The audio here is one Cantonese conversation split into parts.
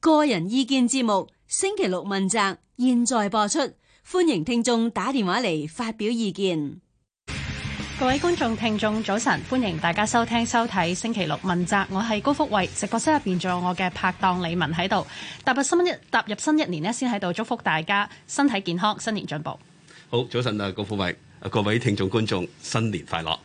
個人意見節目星期六問責，現在播出，歡迎聽眾打電話嚟發表意見。各位觀眾聽眾早晨，歡迎大家收聽收睇星期六問責。我係高福慧，直播室入邊仲有我嘅拍檔李文喺度。踏入新一踏入新一年咧，先喺度祝福大家身體健康，新年進步。好，早晨啊，高福慧，各位聽眾觀眾新年快樂。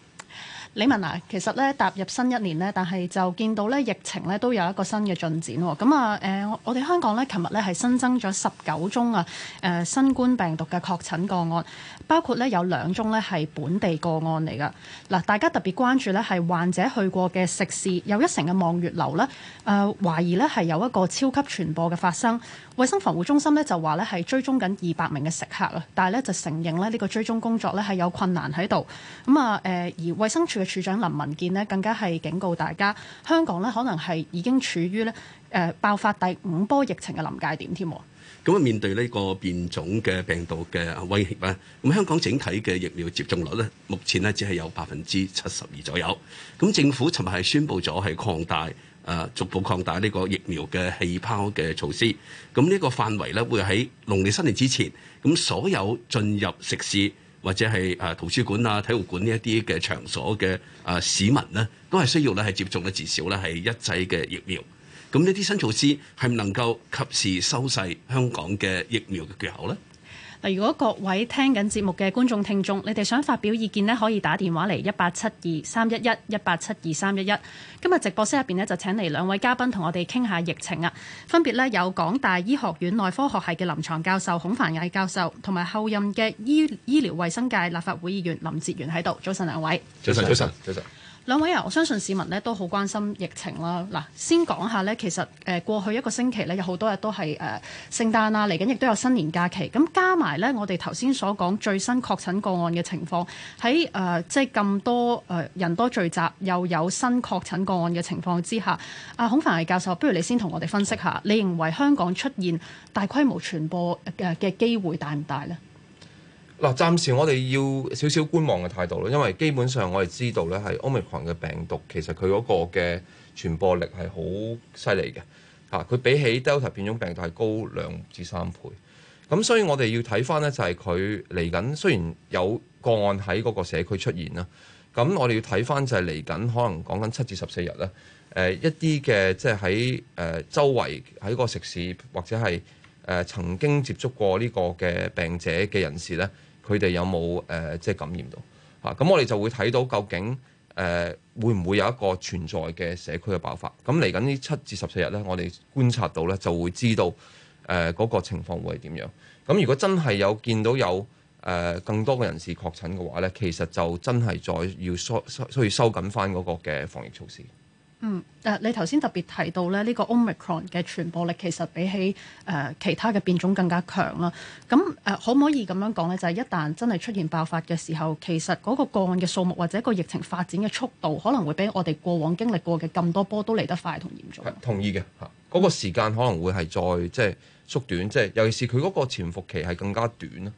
李文娜，其實咧踏入新一年咧，但係就見到咧疫情咧都有一個新嘅進展喎、哦。咁、嗯、啊，誒、呃、我哋香港咧，琴日咧係新增咗十九宗啊誒、呃、新冠病毒嘅確診個案，包括咧有兩宗咧係本地個案嚟㗎。嗱，大家特別關注咧係患者去過嘅食肆，有又一城嘅望月樓咧誒懷疑咧係有一個超級傳播嘅發生。衛生防護中心咧就話咧係追蹤緊二百名嘅食客啊，但係咧就承認咧呢、這個追蹤工作咧係有困難喺度。咁啊誒而衛生署處長林文健咧，更加係警告大家，香港咧可能係已經處於咧誒爆發第五波疫情嘅臨界點添。咁啊，面對呢個變種嘅病毒嘅威脅咧，咁香港整體嘅疫苗接種率咧，目前咧只係有百分之七十二左右。咁政府尋日係宣布咗係擴大誒，逐步擴大呢個疫苗嘅氣泡嘅措施。咁、這、呢個範圍咧，會喺農曆新年之前，咁所有進入食肆。或者係誒圖書館啊、體育館，呢一啲嘅場所嘅誒、啊、市民咧，都係需要咧係接種咧至少咧係一劑嘅疫苗。咁呢啲新措施係唔能夠及時收細香港嘅疫苗嘅缺口咧？如果各位聽緊節目嘅觀眾聽眾，你哋想發表意見呢，可以打電話嚟一八七二三一一一八七二三一一。今日直播室入邊呢，就請嚟兩位嘉賓同我哋傾下疫情啊。分別呢，有港大醫學院內科學系嘅臨床教授孔繁毅教授，同埋候任嘅醫醫療衛生界立法會議員林哲玄喺度。早晨兩位。早晨，早晨，早晨。兩位啊，我相信市民咧都好關心疫情啦。嗱，先講下咧，其實誒過去一個星期咧，有好多日都係誒聖誕啊，嚟緊亦都有新年假期。咁加埋咧，我哋頭先所講最新確診個案嘅情況，喺誒即係咁多誒人多聚集，又有新確診個案嘅情況之下，阿孔繁毅教授，不如你先同我哋分析下，你認為香港出現大規模傳播誒嘅機會大唔大咧？嗱，暫時我哋要少少觀望嘅態度咯，因為基本上我哋知道咧，係 Omicron 嘅病毒其實佢嗰個嘅傳播力係好犀利嘅嚇，佢比起 Delta 變種病毒係高兩至三倍。咁所以我哋要睇翻咧，就係佢嚟緊，雖然有個案喺嗰個社區出現啦，咁我哋要睇翻就係嚟緊，可能講緊七至十四日咧，誒一啲嘅即係喺誒周圍喺個食肆，或者係誒曾經接觸過呢個嘅病者嘅人士咧。佢哋有冇誒、呃、即係感染到啊？咁我哋就會睇到究竟誒、呃、會唔會有一個存在嘅社區嘅爆發？咁嚟緊呢七至十四日咧，我哋觀察到咧就會知道誒嗰、呃那個情況會係點樣？咁、啊、如果真係有見到有誒、呃、更多嘅人士確診嘅話咧，其實就真係再要需需要收緊返嗰個嘅防疫措施。嗯，誒，你頭先特別提到咧，呢、這個 Omicron 嘅傳播力其實比起誒、呃、其他嘅變種更加強啦。咁誒、呃，可唔可以咁樣講咧？就係、是、一旦真係出現爆發嘅時候，其實嗰個個案嘅數目或者個疫情發展嘅速度，可能會比我哋過往經歷過嘅咁多波都嚟得快同嚴重。同意嘅，嚇，嗰、那個時間可能會係再即係縮短，即係尤其是佢嗰個潛伏期係更加短啦。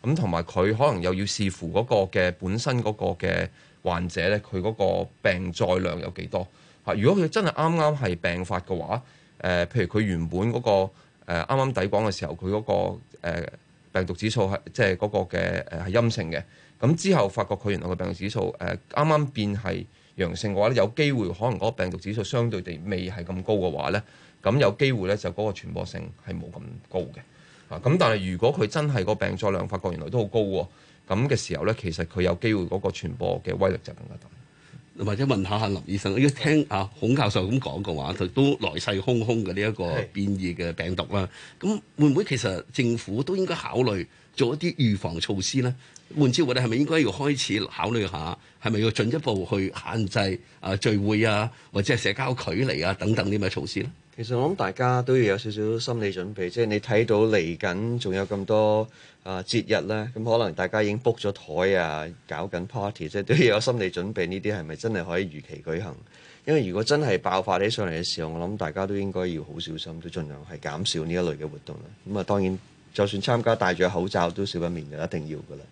咁同埋佢可能又要視乎嗰個嘅本身嗰個嘅患者咧，佢嗰個病載量有幾多？嚇！如果佢真係啱啱係病發嘅話，誒、呃，譬如佢原本嗰、那個誒啱啱抵港嘅時候，佢嗰、那個誒、呃、病毒指數係即係嗰個嘅誒係陰性嘅，咁之後發覺佢原來病、呃、剛剛個病毒指數誒啱啱變係陽性嘅話咧，有機會可能嗰個病毒指數相對地未係咁高嘅話咧，咁有機會咧就嗰個傳播性係冇咁高嘅。嚇、啊！咁但係如果佢真係個病載量發覺原來都好高喎、哦，咁嘅時候咧，其實佢有機會嗰個傳播嘅威力就更加大。或者問下林醫生，如果聽啊孔教授咁講嘅話，都都來勢洶洶嘅呢一個變異嘅病毒啦，咁會唔會其實政府都應該考慮做一啲預防措施咧？換招嘅咧，係咪應該要開始考慮下，係咪要進一步去限制啊聚會啊，或者係社交距離啊等等呢啲措施咧？其實我諗大家都要有少少心理準備，即係你睇到嚟緊仲有咁多啊節日咧，咁可能大家已經 book 咗台啊，搞緊 party，即係都要有心理準備。呢啲係咪真係可以如期舉行？因為如果真係爆發起上嚟嘅時候，我諗大家都應該要好小心，都盡量係減少呢一類嘅活動啦。咁啊，當然就算參加戴住口罩都少不免，就一定要㗎喇。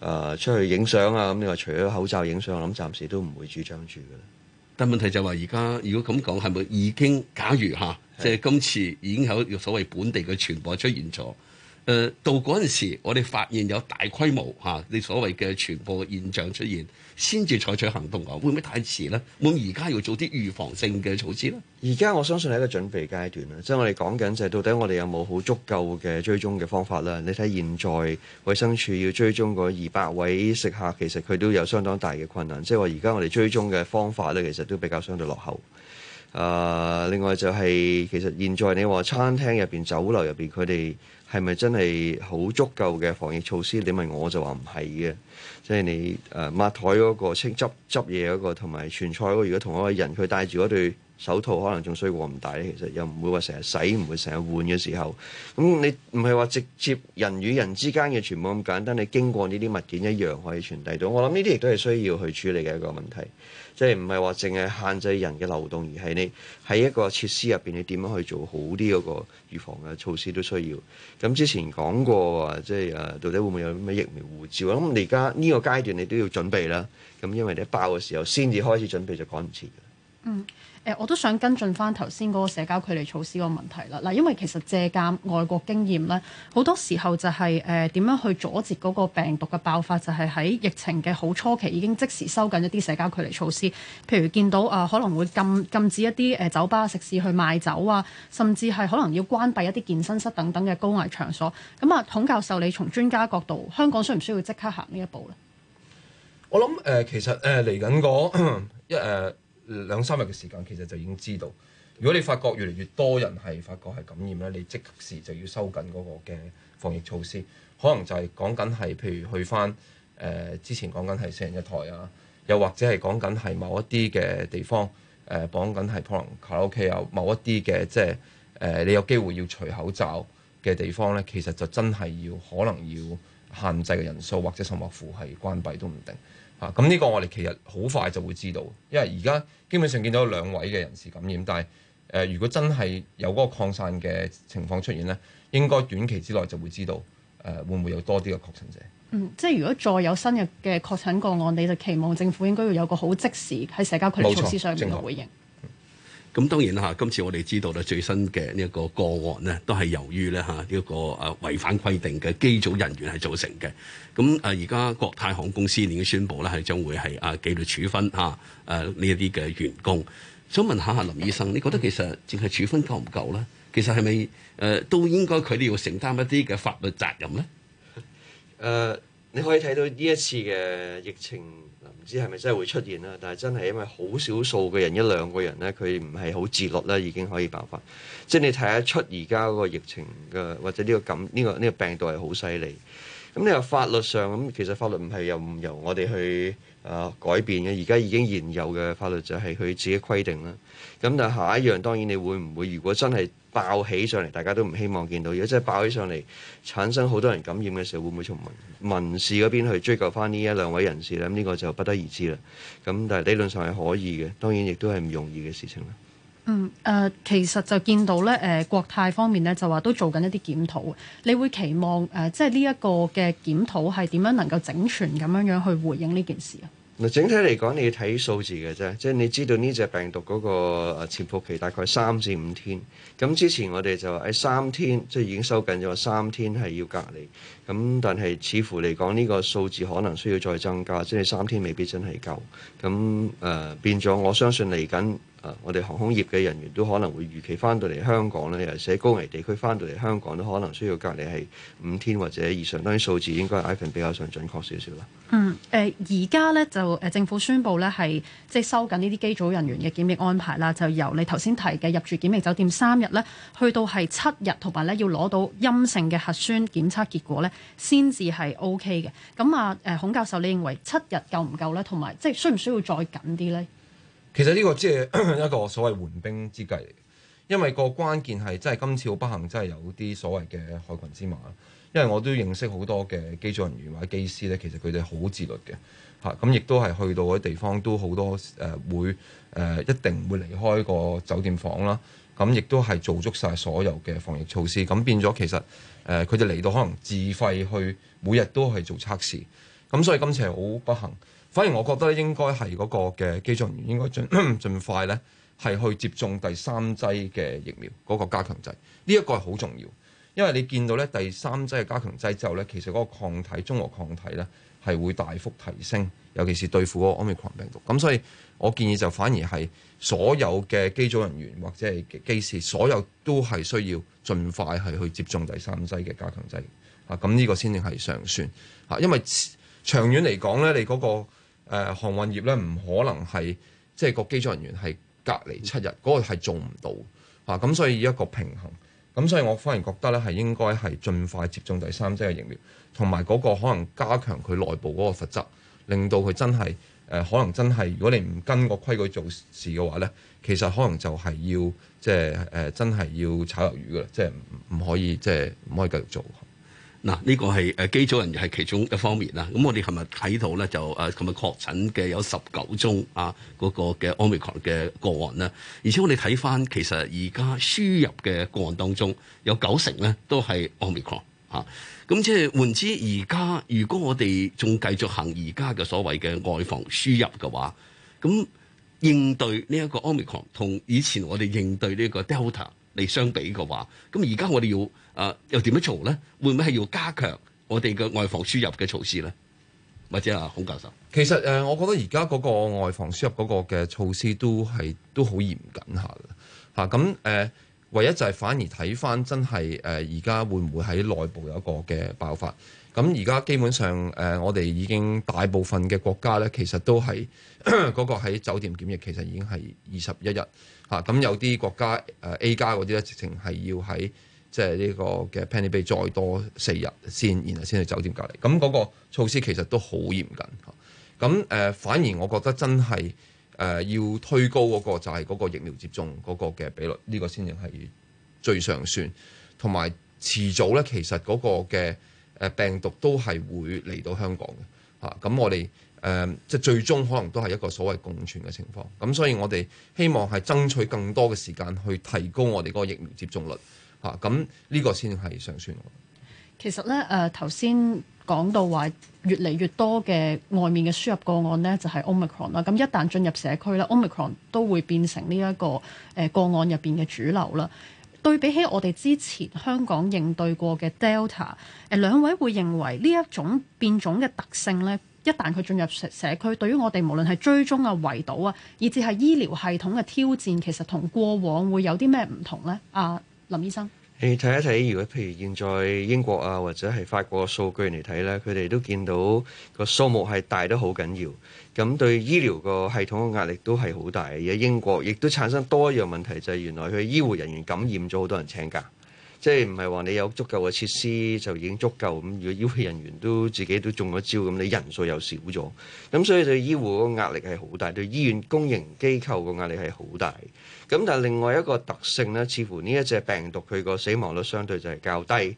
誒出去影相啊！咁你話除咗口罩影相，我諗暫時都唔會主張住嘅啦。但問題就係話，而家如果咁講，係咪已經假如嚇，即係是的 今次已經有所謂本地嘅傳播出現咗。誒到嗰陣時，我哋發現有大規模嚇，你、啊、所謂嘅傳播現象出現，先至採取行動嘅。會唔會太遲呢？會而家要做啲預防性嘅措施咧？而家我相信係一個準備階段啦。即係我哋講緊就係到底我哋有冇好足夠嘅追蹤嘅方法咧？你睇現在衞生署要追蹤嗰二百位食客，其實佢都有相當大嘅困難。即係話而家我哋追蹤嘅方法呢，其實都比較相對落後。啊、呃，另外就係、是、其實現在你話餐廳入邊、酒樓入邊，佢哋。係咪真係好足夠嘅防疫措施？你問我，我就話唔係嘅，即係你誒、呃、抹台嗰個清執執嘢嗰個，同埋傳菜嗰個，如果、那個、同一嘅人佢帶住嗰對。手套可能仲衰過唔大咧，其實又唔會話成日洗，唔會成日換嘅時候。咁你唔係話直接人與人之間嘅全部咁簡單，你經過呢啲物件一樣可以傳遞到。我諗呢啲亦都係需要去處理嘅一個問題，即係唔係話淨係限制人嘅流動，而係你喺一個設施入邊，你點樣去做好啲嗰個預防嘅措施都需要。咁之前講過話，即係誒、啊、到底會唔會有咩疫苗護照？咁你而家呢個階段你都要準備啦。咁因為你爆嘅時候先至開始準備就趕唔切。嗯，誒、呃，我都想跟進返頭先嗰個社交距離措施個問題啦。嗱，因為其實借鑑外國經驗咧，好多時候就係誒點樣去阻截嗰個病毒嘅爆發，就係、是、喺疫情嘅好初期已經即時收緊一啲社交距離措施。譬如見到啊、呃，可能會禁禁止一啲誒、呃、酒吧、食肆去賣酒啊，甚至係可能要關閉一啲健身室等等嘅高危場所。咁、嗯、啊、呃，孔教授，你從專家角度，香港需唔需要即刻行呢一步咧？我諗誒、呃，其實誒嚟緊嗰誒。呃呃呃呃呃呃兩三日嘅時間其實就已經知道，如果你發覺越嚟越多人係發覺係感染咧，你即時就要收緊嗰個嘅防疫措施，可能就係講緊係譬如去返誒、呃、之前講緊係四人一台啊，又或者係講緊係某一啲嘅地方誒，講緊係可能卡拉 OK 啊，某一啲嘅即係誒你有機會要除口罩嘅地方咧，其實就真係要可能要限制嘅人數，或者甚至乎係關閉都唔定。咁呢、嗯這個我哋其實好快就會知道，因為而家基本上見到兩位嘅人士感染，但係誒、呃、如果真係有嗰個擴散嘅情況出現呢，應該短期之內就會知道誒、呃、會唔會有多啲嘅確診者。嗯，即係如果再有新嘅嘅確診個案，你就期望政府應該要有個好即時喺社交距離措施冇錯，上面嘅回應。咁當然啦，今次我哋知道咧，最新嘅呢一個個案呢，都係由於咧嚇呢一個誒違反規定嘅機組人員係造成嘅。咁誒而家國泰航空公司已經宣布啦，係將會係啊紀律處分嚇誒呢一啲嘅員工。想問下嚇林醫生，你覺得其實淨係處分夠唔夠咧？其實係咪誒都應該佢哋要承擔一啲嘅法律責任咧？誒、呃，你可以睇到呢一次嘅疫情。唔知係咪真係會出現啦，但係真係因為好少數嘅人一兩個人咧，佢唔係好自律啦，已經可以爆發。即係你睇得出而家嗰個疫情嘅，或者呢個感呢個呢個病毒係好犀利。咁你話法律上咁，其實法律唔係由唔由我哋去。誒、啊、改變嘅，而家已經現有嘅法律就係佢自己規定啦。咁但係下一樣，當然你會唔會，如果真係爆起上嚟，大家都唔希望見到，如果真係爆起上嚟，產生好多人感染嘅時候，會唔會從民、民事嗰邊去追究翻呢一兩位人士呢，呢、嗯呢個就不得而知啦。咁但係理論上係可以嘅，當然亦都係唔容易嘅事情啦。嗯，誒、呃、其實就見到咧，誒、呃、國泰方面咧就話都做緊一啲檢討。你會期望誒、呃，即係呢一個嘅檢討係點樣能夠整全咁樣樣去回應呢件事啊？嗱，整體嚟講，你要睇數字嘅啫，即係你知道呢隻病毒嗰個潛伏期大概三至五天。咁之前我哋就話喺三天，即係已經收緊咗三天係要隔離。咁但係似乎嚟講呢個數字可能需要再增加，即係三天未必真係夠。咁誒、呃、變咗，我相信嚟緊誒我哋航空業嘅人員都可能會預期翻到嚟香港咧，尤其係高危地區翻到嚟香港都可能需要隔離係五天或者以上。當然數字應該 iPhone 比較上準確少少啦。嗯，而家咧就政府宣布咧係即係收緊呢啲機組人員嘅檢疫安排啦，就由你頭先提嘅入住檢疫酒店三日咧，去到係七日，同埋咧要攞到陰性嘅核酸檢測結果咧。先至係 O K 嘅，咁啊、OK，誒、呃，孔教授，你認為七日夠唔夠呢？同埋，即係需唔需要再緊啲呢？其實呢個即係一個所謂緩兵之計嚟，因為個關鍵係，即係今次好不幸，真係有啲所謂嘅害群之馬。因為我都認識好多嘅機組人員或者機師呢，其實佢哋好自律嘅，嚇咁亦都係去到嗰啲地方都好多誒，會、呃、誒一定會離開個酒店房啦。咁、啊、亦、嗯、都係做足晒所有嘅防疫措施，咁、啊、變咗其實。誒佢哋嚟到可能自費去每日都係做測試，咁所以今次係好不幸。反而我覺得咧，應該係嗰個嘅機組人員應該盡 快咧，係去接種第三劑嘅疫苗嗰、那個加強劑。呢、這、一個係好重要，因為你見到咧第三劑嘅加強劑之後咧，其實嗰個抗體、中和抗體咧係會大幅提升，尤其是對付個 Omicron 病毒。咁所以我建議就反而係。所有嘅機組人員或者係機師，所有都係需要盡快係去接種第三劑嘅加強劑啊！咁、這、呢個先至係尚算啊，因為長遠嚟講咧，你嗰、那個航運、呃、業呢，唔可能係即係個機組人員係隔離七日，嗰、那個係做唔到啊！咁、啊、所以一個平衡，咁、啊、所以我反而覺得呢，係應該係盡快接種第三劑嘅疫苗，同埋嗰個可能加強佢內部嗰個罰則，令到佢真係。誒、呃、可能真係，如果你唔跟個規矩做事嘅話咧，其實可能就係要即係誒、呃，真係要炒魷魚噶啦，即係唔可以即係唔可以繼續做。嗱、呃，呢、這個係誒、呃、機組人員係其中一方面啦。咁我哋琴日睇到咧就誒，琴日確診嘅有十九宗啊，嗰、那個嘅 Omicron 嘅個案啦。而且我哋睇翻，其實而家輸入嘅個案當中有九成咧都係 Omicron。嚇！咁即係換之，而家如果我哋仲繼續行而家嘅所謂嘅外防輸入嘅話，咁應對呢一個 Omicron 同以前我哋應對呢個 Delta 嚟相比嘅話，咁而家我哋要誒、呃、又點樣做咧？會唔會係要加強我哋嘅外防輸入嘅措施咧？或者啊，孔教授，其實誒、呃，我覺得而家嗰個外防輸入嗰個嘅措施都係都好嚴謹下嘅嚇，咁誒。啊唯一就係反而睇翻真係誒，而、呃、家會唔會喺內部有一個嘅爆發？咁而家基本上誒、呃，我哋已經大部分嘅國家咧，其實都喺嗰、 那個喺酒店檢疫，其實已經係二十一日嚇。咁、啊、有啲國家誒、呃、A 加嗰啲咧，直情係要喺即係呢個嘅 Penny Bay 再多四日先，然後先去酒店隔離。咁、那、嗰個措施其實都好嚴謹嚇。咁、啊、誒、呃，反而我覺得真係。誒、呃、要推高嗰個就係嗰個疫苗接種嗰個嘅比率，呢、呢個先至係最上算。同埋遲早呢，其實嗰個嘅誒病毒都係會嚟到香港嘅嚇。咁、啊、我哋誒即係最終可能都係一個所謂共存嘅情況。咁所以我哋希望係爭取更多嘅時間去提高我哋嗰個疫苗接種率嚇。咁、啊、呢個先係上算。其實咧，誒頭先講到話越嚟越多嘅外面嘅輸入個案呢，就係、是、Omicron 啦。咁一旦進入社區，Omicron 都會變成呢、這、一個誒、呃、個案入邊嘅主流啦。對比起我哋之前香港應對過嘅 Delta，誒、呃、兩位會認為呢一種變種嘅特性呢，一旦佢進入社社區，對於我哋無論係追蹤啊、圍堵啊，以至係醫療系統嘅挑戰，其實同過往會有啲咩唔同呢？阿、啊、林醫生。你睇一睇，如果譬如現在英國啊，或者係法國個數據嚟睇咧，佢哋都見到個數目係大得好緊要，咁對醫療個系統嘅壓力都係好大，而家英國亦都產生多一樣問題，就係原來佢醫護人員感染咗好多人請假，即係唔係話你有足夠嘅設施就已經足夠，咁，如果醫護人員都自己都中咗招咁，你人數又少咗，咁所以對醫護個壓力係好大，對醫院公營機構個壓力係好大。咁但係另外一個特性咧，似乎呢一隻病毒佢個死亡率相對就係較低。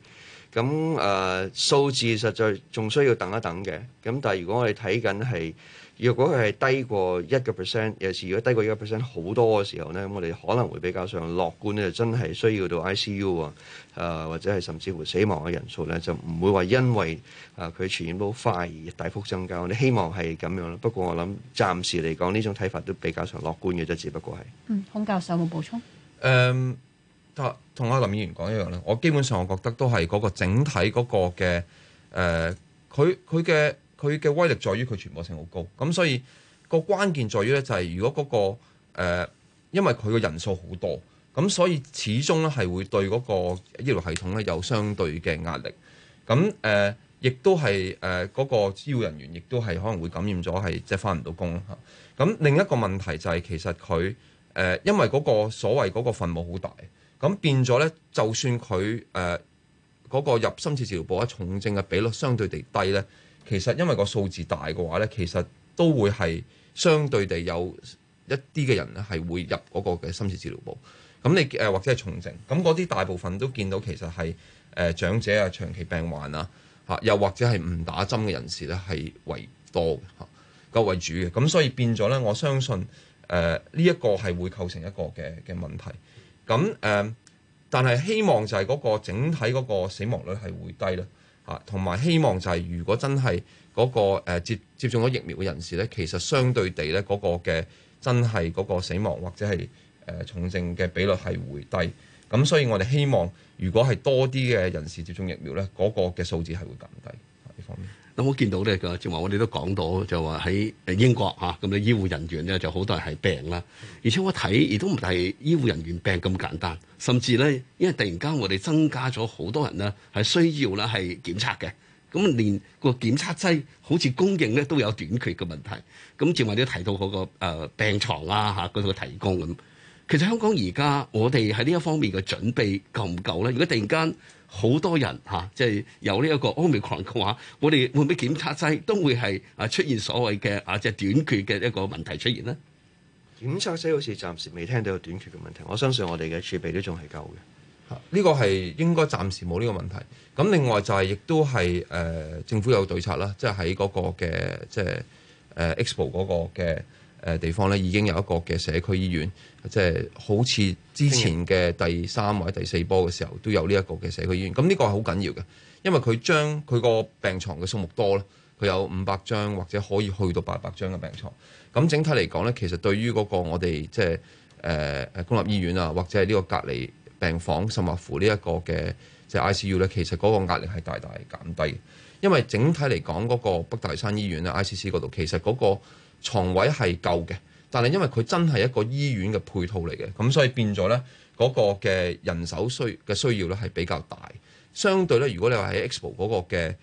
咁誒數字實在仲需要等一等嘅。咁但係如果我哋睇緊係。如果佢係低過一個 percent，有時如果低過一個 percent 好多嘅時候咧，咁我哋可能會比較上樂觀咧，就真係需要到 ICU 啊、呃，誒或者係甚至乎死亡嘅人數咧就唔會話因為啊佢傳染得好快而大幅增加，我哋希望係咁樣啦。不過我諗暫時嚟講呢種睇法都比較上樂觀嘅啫，只不過係、嗯、孔教授有冇補充？誒、嗯，同阿林議員講一樣啦。我基本上我覺得都係嗰個整體嗰個嘅誒，佢佢嘅。佢嘅威力在於佢傳播性好高，咁所以個關鍵在於咧，就係如果嗰、那個、呃、因為佢嘅人數好多，咁所以始終咧係會對嗰個醫療系統咧有相對嘅壓力。咁誒，亦、呃、都係誒嗰個醫護人員亦都係可能會感染咗，係即係翻唔到工吓。咁、嗯、另一個問題就係其實佢誒、呃，因為嗰個所謂嗰個分母好大，咁變咗咧，就算佢誒嗰個入深切治，治療部重症嘅比率相對地低咧。其實因為個數字大嘅話呢，其實都會係相對地有一啲嘅人咧，係會入嗰個嘅深切治療部。咁你誒或者係重症，咁嗰啲大部分都見到其實係誒、呃、長者啊、長期病患啊，嚇又或者係唔打針嘅人士咧，係為多嘅嚇個為主嘅。咁所以變咗呢，我相信誒呢一個係會構成一個嘅嘅問題。咁誒、呃，但係希望就係嗰個整體嗰個死亡率係會低咧。啊，同埋希望就係如果真係嗰個誒、呃、接接種咗疫苗嘅人士咧，其實相對地咧嗰個嘅真係嗰個死亡或者係誒、呃、重症嘅比率係會低，咁所以我哋希望如果係多啲嘅人士接種疫苗咧，嗰個嘅數字係會減低。呢方面。有冇見到呢？個，正話我哋都講到，就話喺英國嚇咁啲醫護人員咧，就好多人係病啦。而且我睇亦都唔係醫護人員病咁簡單，甚至咧，因為突然間我哋增加咗好多人咧，係需要啦係檢測嘅。咁連那個檢測劑好似供應咧都有短缺嘅問題。咁正話你都提到嗰、那個、呃、病床啊嚇嗰、那個提供咁、啊。其實香港而家我哋喺呢一方面嘅準備夠唔夠咧？如果突然間，好多人嚇，即、啊、係、就是、有呢一個 Omicron 嘅話，我哋會唔會檢測劑都會係啊出現所謂嘅啊即係、就是、短缺嘅一個問題出現咧？檢測劑好似暫時未聽到有短缺嘅問題，我相信我哋嘅儲備都仲係夠嘅。嚇、啊，呢、這個係應該暫時冇呢個問題。咁另外就係、是、亦都係誒、呃、政府有對策啦，即係喺嗰個嘅即係誒、呃、Expo 嗰個嘅。誒地方咧已經有一個嘅社區醫院，即係好似之前嘅第三或者第四波嘅時候都有呢一個嘅社區醫院。咁呢個係好緊要嘅，因為佢將佢個病床嘅數目多咧，佢有五百張或者可以去到八百張嘅病床。咁整體嚟講咧，其實對於嗰個我哋即係誒誒公立醫院啊，或者係呢個隔離病房，甚或乎呢一個嘅即係 I C U 咧，其實嗰個壓力係大大減低。因為整體嚟講，嗰個北大山醫院咧，I C C 嗰度其實嗰個。床位係夠嘅，但係因為佢真係一個醫院嘅配套嚟嘅，咁所以變咗呢嗰、嗰個嘅人手需嘅需要呢係比較大。相對呢，如果你話喺 Expo 嗰個嘅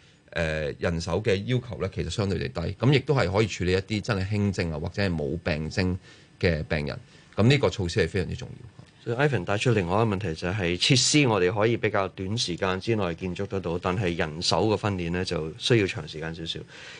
誒人手嘅要求呢，其實相對地低，咁亦都係可以處理一啲真係輕症啊，或者係冇病徵嘅病人。咁呢個措施係非常之重要。所以、so, Ivan 帶出另外一個問題就係、是、設施，我哋可以比較短時間之內建築得到，但係人手嘅訓練咧就需要長時間少少。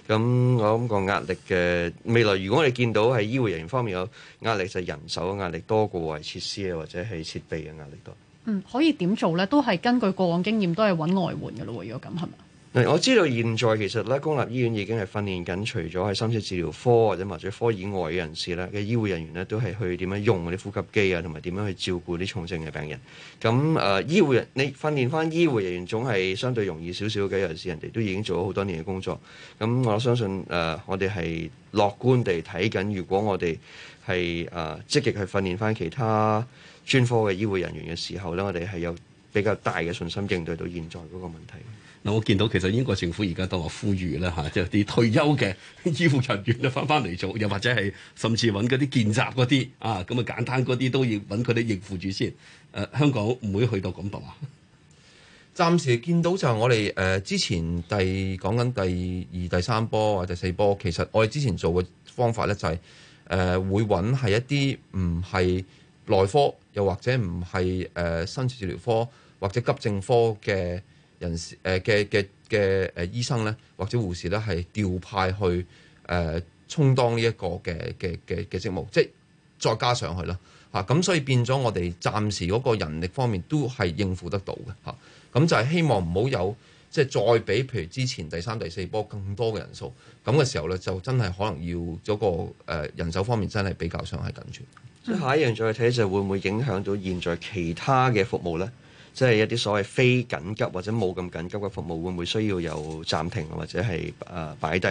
咁我諗個壓力嘅未來，如果我哋見到係醫護人員方面有壓力，就係、人手嘅壓力多過為設施啊或者係設備嘅壓力多。嗯，可以點做咧？都係根據過往經驗，都係揾外援㗎咯。如果咁係咪？我知道現在其實咧，公立醫院已經係訓練緊，除咗係深切治療科或者麻醉科以外嘅人士咧，嘅醫護人員咧都係去點樣用嗰啲呼吸機啊，同埋點樣去照顧啲重症嘅病人。咁誒、呃，醫護人你訓練翻醫護人員總係相對容易少少嘅，尤其是人哋都已經做咗好多年嘅工作。咁我相信誒、呃，我哋係樂觀地睇緊，如果我哋係誒積極去訓練翻其他專科嘅醫護人員嘅時候咧，我哋係有比較大嘅信心應對到現在嗰個問題。嗱，我見到其實英國政府而家都話呼籲啦，嚇、啊，即係啲退休嘅醫護人員就翻翻嚟做，又或者係甚至揾嗰啲見習嗰啲啊，咁啊簡單嗰啲都要揾佢哋應付住先。誒、啊，香港唔會去到咁吧？暫時見到就我哋誒、呃、之前第講緊第二、第三波或者第四波，其實我哋之前做嘅方法咧就係、是、誒、呃、會揾係一啲唔係內科，又或者唔係誒深切治療科或者急症科嘅。人士誒嘅嘅嘅誒醫生咧，或者護士咧，係調派去誒、呃、充當呢一個嘅嘅嘅嘅職務，即係再加上去啦嚇。咁、啊、所以變咗我哋暫時嗰個人力方面都係應付得到嘅嚇。咁、啊、就係希望唔好有即係再俾譬如之前第三、第四波更多嘅人數，咁嘅時候咧就真係可能要嗰個誒人手方面真係比較上係緊張。下一樣再睇就會唔會影響到現在其他嘅服務咧？即係一啲所謂非緊急或者冇咁緊急嘅服務，會唔會需要有暫停或者係誒擺低？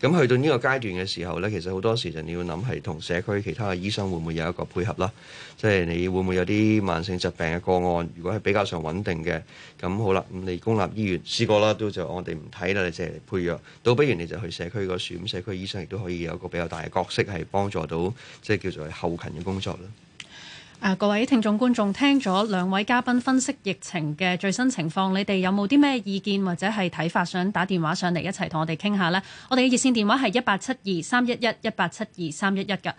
咁去到呢個階段嘅時候咧，其實好多時就你要諗係同社區其他醫生會唔會有一個配合啦？即係你會唔會有啲慢性疾病嘅個案，如果係比較上穩定嘅，咁好啦，咁你公立醫院試過啦，都就我哋唔睇啦，你淨係配藥，倒不如你就去社區嗰處，咁社區醫生亦都可以有一個比較大嘅角色係幫助到即係叫做後勤嘅工作啦。啊！各位聽眾觀眾，聽咗兩位嘉賓分析疫情嘅最新情況，你哋有冇啲咩意見或者係睇法，想打電話上嚟一齊同我哋傾下呢？我哋嘅熱線電話係一八七二三一一一八七二三一一㗎。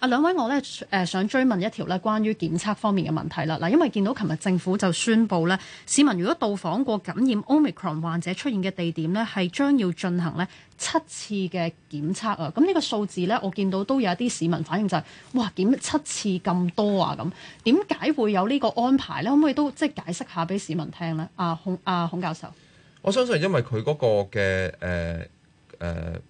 啊，兩位我咧誒、呃、想追問一條咧，關於檢測方面嘅問題啦。嗱，因為見到琴日政府就宣布咧，市民如果到訪過感染 Omicron 患者出現嘅地點咧，係將要進行咧七次嘅檢測啊。咁呢個數字咧，我見到都有一啲市民反應就係、是：哇，檢七次咁多啊！咁點解會有呢個安排咧？可唔可以都即係解釋下俾市民聽咧？阿、啊、孔阿、啊、孔教授，我相信因為佢嗰個嘅誒誒。呃呃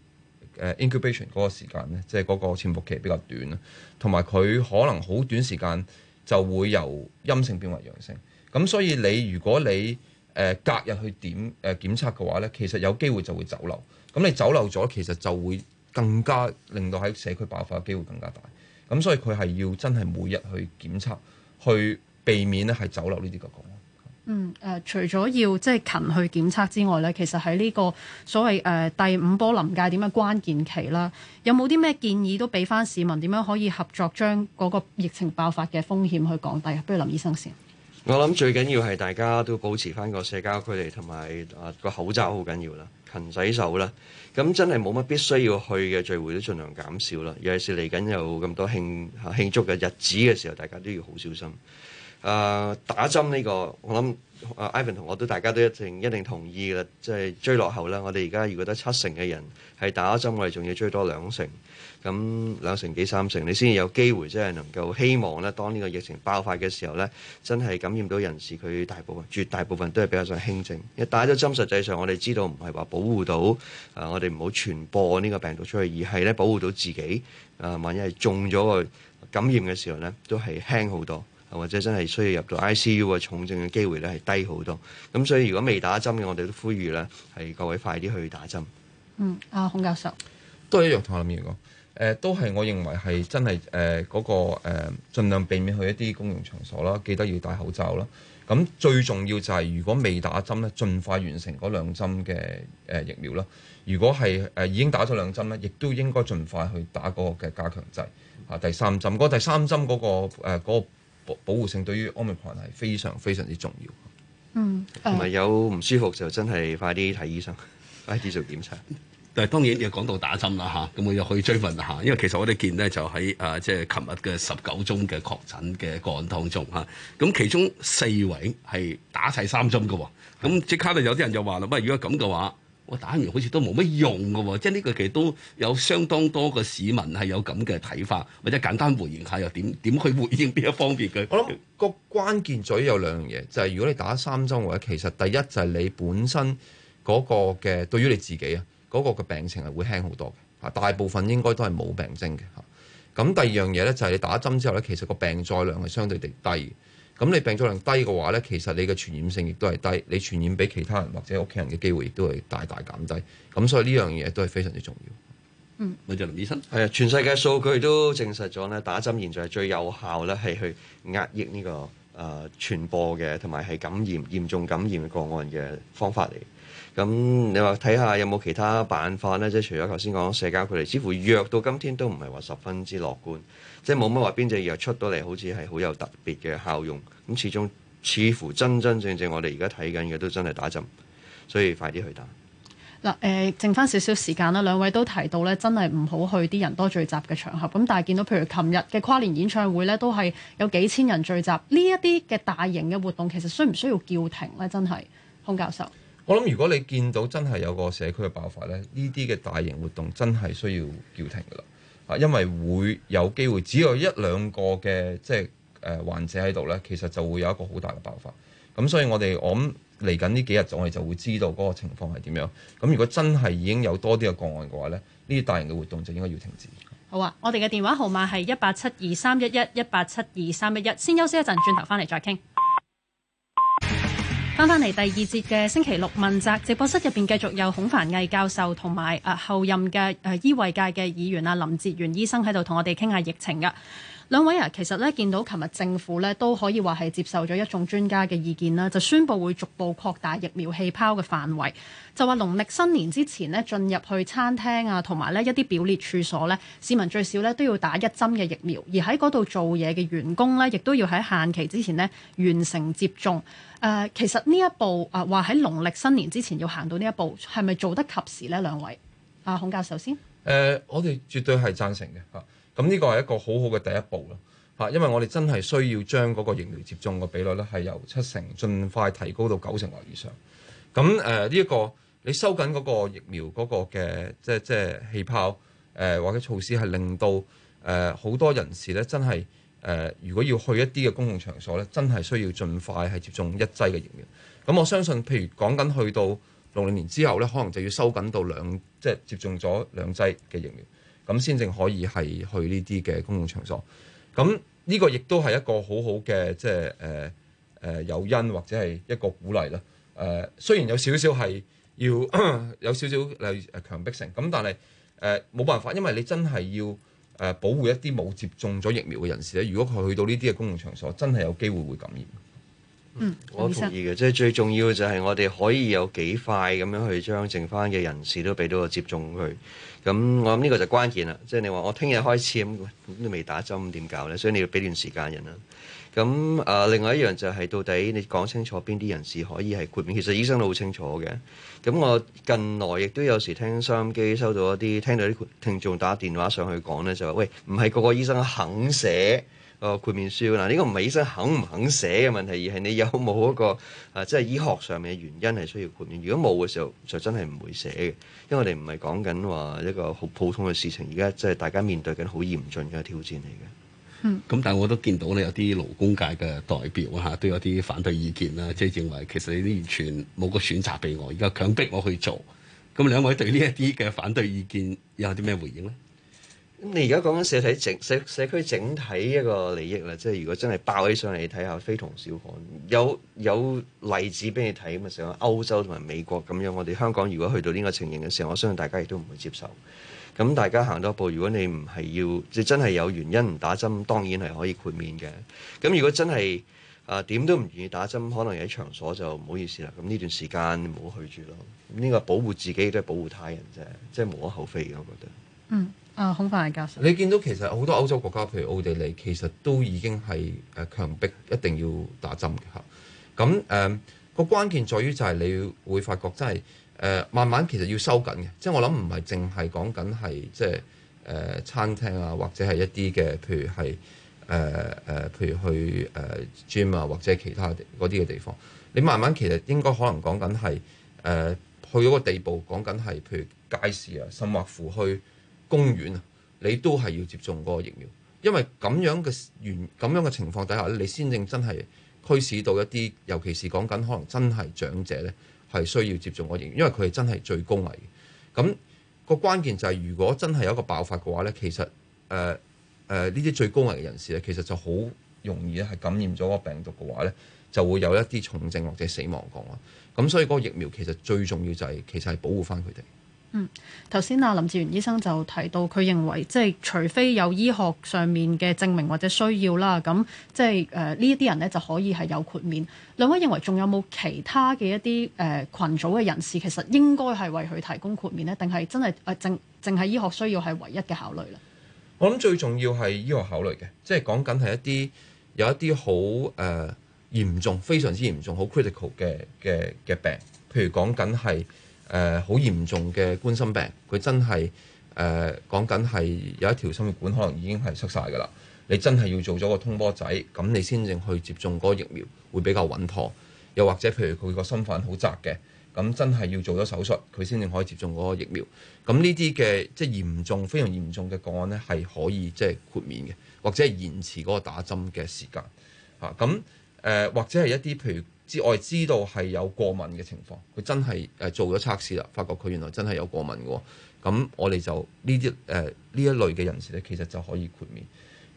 誒 incubation 嗰個時間咧，即係嗰個潛伏期比較短啦，同埋佢可能好短時間就會由陰性變為陽性。咁所以你如果你誒隔日去點誒檢測嘅話咧，其實有機會就會走漏。咁你走漏咗，其實就會更加令到喺社區爆發嘅機會更加大。咁所以佢係要真係每日去檢測，去避免咧係走漏呢啲個嗯誒、呃，除咗要即係勤去檢測之外咧，其實喺呢個所謂誒、呃、第五波臨界點嘅關鍵期啦，有冇啲咩建議都俾翻市民點樣可以合作將嗰個疫情爆發嘅風險去降低啊？不如林醫生先。我諗最緊要係大家都保持翻個社交距離同埋個口罩好緊要啦，勤洗手啦。咁真係冇乜必須要去嘅聚會都儘量減少啦。尤其是嚟緊有咁多慶慶祝嘅日子嘅時候，大家都要好小心。誒，打針呢個，我諗誒 Ivan 同我都大家都一定一定同意嘅啦，即係追落後啦。我哋而家如果得七成嘅人係打針，我哋仲要追多兩成，咁兩成幾三成，你先至有機會即係能夠希望咧，當呢個疫情爆發嘅時候咧，真係感染到人士，佢大部分絕大部分都係比較想輕症。因為打咗針，實際上我哋知道唔係話保護到誒，我哋唔好傳播呢個病毒出去，而係咧保護到自己。誒，萬一係中咗感染嘅時候咧，都係輕好多。或者真係需要入到 ICU 嘅重症嘅機會咧係低好多，咁所以如果未打針嘅，我哋都呼籲咧係各位快啲去打針。嗯，啊，孔教授都係一樣同我諗嘅，誒、呃，都係我認為係真係誒嗰個誒，儘、呃呃、量避免去一啲公用場所啦，記得要戴口罩啦。咁、嗯、最重要就係如果未打針咧，盡快完成嗰兩針嘅誒、呃、疫苗啦。如果係誒、呃、已經打咗兩針咧，亦都應該盡快去打嗰個嘅加強劑啊，第三針。嗰、那個、第三針嗰、呃那個誒、那個那個那個那個保護性對於 Omicron 係非常非常之重要，嗯，同、嗯、有唔舒服就真係快啲睇醫生，快啲做檢查。 但係當然要講到打針啦嚇，咁、啊、我又可以追問下，因為其實我哋見咧就喺啊即係琴日嘅十九宗嘅確診嘅個案當中嚇，咁、啊、其中四位係打晒三針㗎喎，咁即刻咧有啲人就話啦，喂、啊、如果咁嘅話。我打完好似都冇乜用嘅喎，即係呢個其實都有相當多個市民係有咁嘅睇法，或者簡單回應下又點點去回應邊一方面嘅？我諗個關鍵在於有兩樣嘢，就係、是、如果你打三針嘅者其實第一就係你本身嗰個嘅對於你自己啊嗰、那個嘅病情係會輕好多嘅啊，大部分應該都係冇病症嘅嚇。咁第二樣嘢咧就係、是、你打針之後咧，其實個病載量係相對地低。咁你病毒量低嘅話咧，其實你嘅傳染性亦都係低，你傳染俾其他人或者屋企人嘅機會亦都係大大減低。咁所以呢樣嘢都係非常之重要。嗯，問下林醫生。係啊，全世界數據都證實咗咧，打針現在最有效咧、這個，係去壓抑呢個誒傳播嘅，同埋係感染嚴重感染個案嘅方法嚟。咁、嗯、你話睇下有冇其他辦法呢？即係除咗頭先講社交距離，似乎約到今天都唔係話十分之樂觀，嗯、即係冇乜話邊隻藥出到嚟，好似係好有特別嘅效用。咁始終似乎真真正正我哋而家睇緊嘅都真係打針，所以快啲去打。嗱，誒，剩翻少少時間啦，兩位都提到呢，真係唔好去啲人多聚集嘅場合。咁但係見到譬如琴日嘅跨年演唱會呢，都係有幾千人聚集。呢一啲嘅大型嘅活動，其實需唔需要叫停呢？真係，孔教授。我諗，如果你見到真係有個社區嘅爆發呢，呢啲嘅大型活動真係需要叫停㗎喇，因為會有機會，只有一兩個嘅即係患者喺度呢，其實就會有一個好大嘅爆發。咁所以我哋我諗嚟緊呢幾日，我哋就會知道嗰個情況係點樣。咁如果真係已經有多啲嘅個案嘅話呢，呢啲大型嘅活動就應該要停止。好啊，我哋嘅電話號碼係一八七二三一一一八七二三一一，先休息一陣，轉頭返嚟再傾。翻翻嚟第二節嘅星期六問責直播室入邊，繼續有孔繁毅教授同埋啊候任嘅誒、呃、醫衞界嘅議員啊林哲玄醫生喺度同我哋傾下疫情噶。兩位啊，其實咧見到琴日政府咧都可以話係接受咗一眾專家嘅意見啦，就宣布會逐步擴大疫苗氣泡嘅範圍，就話農曆新年之前呢，進入去餐廳啊，同埋咧一啲表列處所咧，市民最少咧都要打一針嘅疫苗，而喺嗰度做嘢嘅員工咧，亦都要喺限期之前呢完成接種。誒、呃，其實呢一步啊，話喺農曆新年之前要行到呢一步，係咪做得及時呢？兩位啊，孔教授先。誒、呃，我哋絕對係贊成嘅嚇。咁呢個係一個好好嘅第一步啦，吓！因為我哋真係需要將嗰個疫苗接種嘅比率咧，係由七成盡快提高到九成或以上。咁誒呢一個，你收緊嗰個疫苗嗰個嘅即係即係氣泡誒、呃、或者措施，係令到誒好、呃、多人士咧真係誒、呃、如果要去一啲嘅公共場所咧，真係需要盡快係接種一劑嘅疫苗。咁我相信，譬如講緊去到六、七年之後咧，可能就要收緊到兩，即係接種咗兩劑嘅疫苗。咁先至可以係去呢啲嘅公共場所，咁呢個亦都係一個好好嘅即係誒誒誘因或者係一個鼓勵啦。誒、呃、雖然有少少係要有少少誒強迫性，咁但係誒冇辦法，因為你真係要誒保護一啲冇接種咗疫苗嘅人士咧。如果佢去到呢啲嘅公共場所，真係有機會會感染。嗯，我同意嘅，即係最重要就係我哋可以有幾快咁樣去將剩翻嘅人士都俾到個接種佢，咁我諗呢個就關鍵啦。即係你話我聽日開始咁，你未打針點搞呢？所以你要俾段時間人啦。咁啊，呃，另外一樣就係到底你講清楚邊啲人士可以係豁免，其實醫生都好清楚嘅。咁我近來亦都有時聽收音機收到一啲聽到啲聽眾打電話上去講呢，就話喂，唔係個個醫生肯寫。個、呃、豁免書嗱，呢、這個唔係醫生肯唔肯寫嘅問題，而係你有冇一個啊，即係醫學上面嘅原因係需要豁免。如果冇嘅時候，就真係唔會寫嘅。因為我哋唔係講緊話一個好普通嘅事情，而家即係大家面對緊好嚴峻嘅挑戰嚟嘅。咁、嗯嗯、但係我都見到咧，有啲勞工界嘅代表啊，嚇都有啲反對意見啦，即係認為其實你都完全冇個選擇俾我，而家強迫我去做。咁兩位對呢一啲嘅反對意見有啲咩回應咧？咁你而家講緊社體整社社區整體一個利益啦，即係如果真係爆起上嚟睇下，非同小可。有有例子俾你睇咪成個歐洲同埋美國咁樣。我哋香港如果去到呢個情形嘅時候，我相信大家亦都唔會接受。咁大家行多一步，如果你唔係要即真係有原因唔打針，當然係可以豁免嘅。咁如果真係啊點都唔願意打針，可能喺場所就唔好意思啦。咁呢段時間你唔好去住咯。呢個保護自己亦都係保護他人啫，即係無可厚非嘅。我覺得嗯。啊，繁毅教授你見到其實好多歐洲國家，譬如奧地利，其實都已經係誒強迫一定要打針嘅嚇。咁誒個關鍵在於就係你會發覺真係誒、呃、慢慢其實要收緊嘅。即係我諗唔係淨係講緊係即係誒餐廳啊，或者係一啲嘅譬如係誒誒譬如去誒 gym、呃、啊，或者其他啲嗰啲嘅地方。你慢慢其實應該可能講緊係誒去到個地步，講緊係譬如街市啊、甚或乎去。公園啊，你都係要接種嗰個疫苗，因為咁樣嘅原咁樣嘅情況底下咧，你先正真係驅使到一啲，尤其是講緊可能真係長者咧，係需要接種個疫苗，因為佢係真係最高危。咁個關鍵就係，如果真係有一個爆發嘅話咧，其實誒誒呢啲最高危嘅人士咧，其實就好容易咧係感染咗個病毒嘅話咧，就會有一啲重症或者死亡個案。咁所以嗰個疫苗其實最重要就係，其實係保護翻佢哋。嗯，頭先阿林哲玄醫生就提到，佢認為即係除非有醫學上面嘅證明或者需要啦，咁即係誒、呃、呢一啲人咧就可以係有豁免。兩位認為仲有冇其他嘅一啲誒、呃、群組嘅人士，其實應該係為佢提供豁免呢？定係真係誒，淨淨係醫學需要係唯一嘅考慮呢？我諗最重要係醫學考慮嘅，即係講緊係一啲有一啲好誒嚴重，非常之嚴重，好 critical 嘅嘅嘅病，譬如講緊係。誒好、呃、嚴重嘅冠心病，佢真係誒講緊係有一條心血管可能已經係塞晒㗎啦。你真係要做咗個通波仔，咁你先至去接種嗰個疫苗會比較穩妥。又或者譬如佢個心瓣好窄嘅，咁真係要做咗手術，佢先至可以接種嗰個疫苗。咁呢啲嘅即係嚴重、非常嚴重嘅個案呢，係可以即係豁免嘅，或者係延遲嗰個打針嘅時間。嚇、啊、咁。誒、呃、或者係一啲譬如知我係知道係有過敏嘅情況，佢真係誒、呃、做咗測試啦，發覺佢原來真係有過敏嘅。咁、嗯、我哋就呢啲誒呢一類嘅人士咧，其實就可以豁免。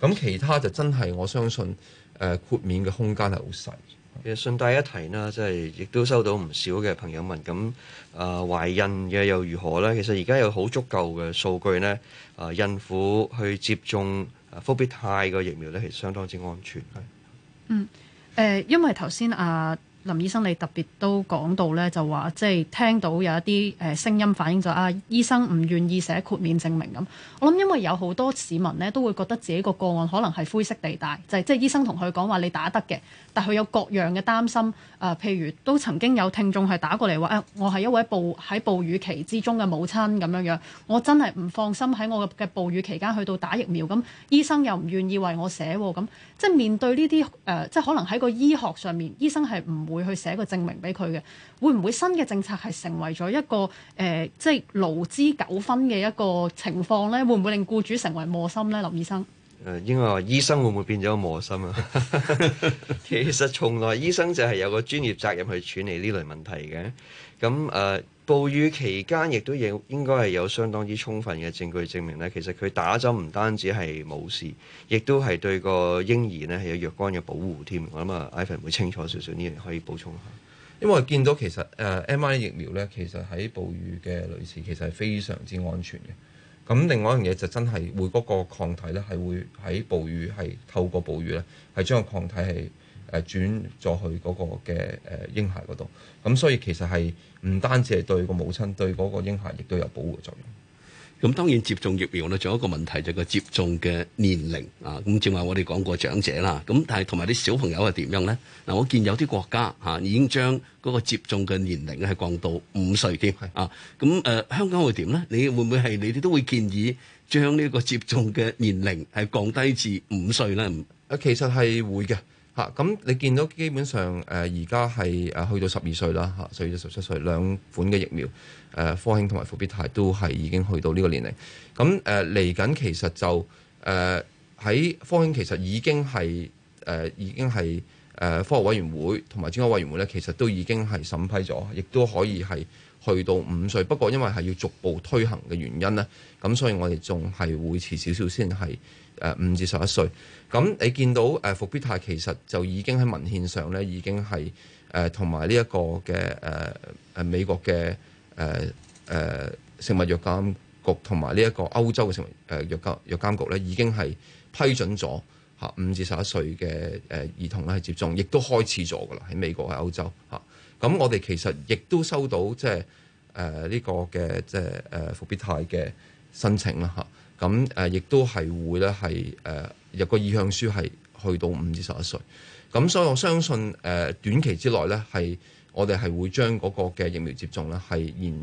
咁、嗯、其他就真係我相信誒、呃、豁免嘅空間係好細嘅。其實順帶一提啦，即係亦都收到唔少嘅朋友問，咁啊、呃、懷孕嘅又如何咧？其實而家有好足夠嘅數據咧，啊、呃、孕婦去接種復必泰個疫苗咧係相當之安全。的嗯。誒，因為頭先阿林醫生你特別都講到咧，就話即係聽到有一啲誒聲音反映咗啊，醫生唔願意寫豁免證明咁。我諗因為有好多市民咧都會覺得自己個個案可能係灰色地帶，就係即係醫生同佢講話你打得嘅，但係佢有各樣嘅擔心。啊，譬如都曾經有聽眾係打過嚟話，誒、哎，我係一位哺喺哺乳期之中嘅母親咁樣樣，我真係唔放心喺我嘅嘅哺乳期間去到打疫苗，咁醫生又唔願意為我寫、哦，咁即係面對呢啲誒，即係可能喺個醫學上面，醫生係唔會去寫個證明俾佢嘅，會唔會新嘅政策係成為咗一個誒、呃，即係勞資糾紛嘅一個情況咧？會唔會令僱主成為磨心咧？林醫生？誒應該話醫生會唔會變咗磨心啊？ 其實從來醫生就係有個專業責任去處理呢類問題嘅。咁誒、呃、哺乳期間亦都有應該係有相當之充分嘅證據證明咧，其實佢打針唔單止係冇事，亦都係對個嬰兒咧係有若干嘅保護添。我諗啊，Ivan 會清楚少少呢樣，可以補充下。因為見到其實誒、呃、M R 疫苗咧，其實喺哺乳嘅類似，其實係非常之安全嘅。咁另外一樣嘢就真係會嗰個抗體咧，係會喺哺乳係透過哺乳咧，係將個抗體係誒、呃、轉咗去嗰個嘅誒嬰孩嗰度。咁所以其實係唔單止係對個母親，對嗰個嬰孩，亦都有保護作用。咁當然接種疫苗咧，仲有一個問題就係、個、接種嘅年齡啊！咁正話我哋講過長者啦，咁、啊、但係同埋啲小朋友係點樣咧？嗱、啊，我見有啲國家嚇、啊、已經將嗰個接種嘅年齡係降到五歲添是啊！咁、啊、誒，香港會點咧？你會唔會係你哋都會建議將呢個接種嘅年齡係降低至五歲咧？啊，其實係會嘅。嚇，咁、啊、你見到基本上誒而家係誒去到十二歲啦嚇，所以到十七歲兩款嘅疫苗誒、啊、科興同埋復必泰都係已經去到呢個年齡。咁誒嚟緊其實就誒喺、啊、科興其實已經係誒、啊、已經係誒科學委員會同埋專家委員會咧，其實都已經係審批咗，亦都可以係去到五歲。不過因為係要逐步推行嘅原因咧，咁所以我哋仲係會遲少少先係。誒五至十一歲，咁你見到誒復、啊、必泰其實就已經喺文獻上咧，已經係誒同埋呢一個嘅誒誒美國嘅誒誒食物藥監局同埋呢一個歐洲嘅食物藥監藥監局咧，已經係批准咗嚇五至十一歲嘅誒兒童咧，係接種，亦都開始咗噶啦喺美國喺歐洲嚇。咁、啊、我哋其實亦都收到即係誒呢個嘅即係誒復必泰嘅申請啦嚇。啊啊咁誒，亦、呃、都係會咧，係誒入個意向書，係去到五至十一歲。咁所以我相信誒、呃、短期之內咧，係我哋係會將嗰個嘅疫苗接種咧，係延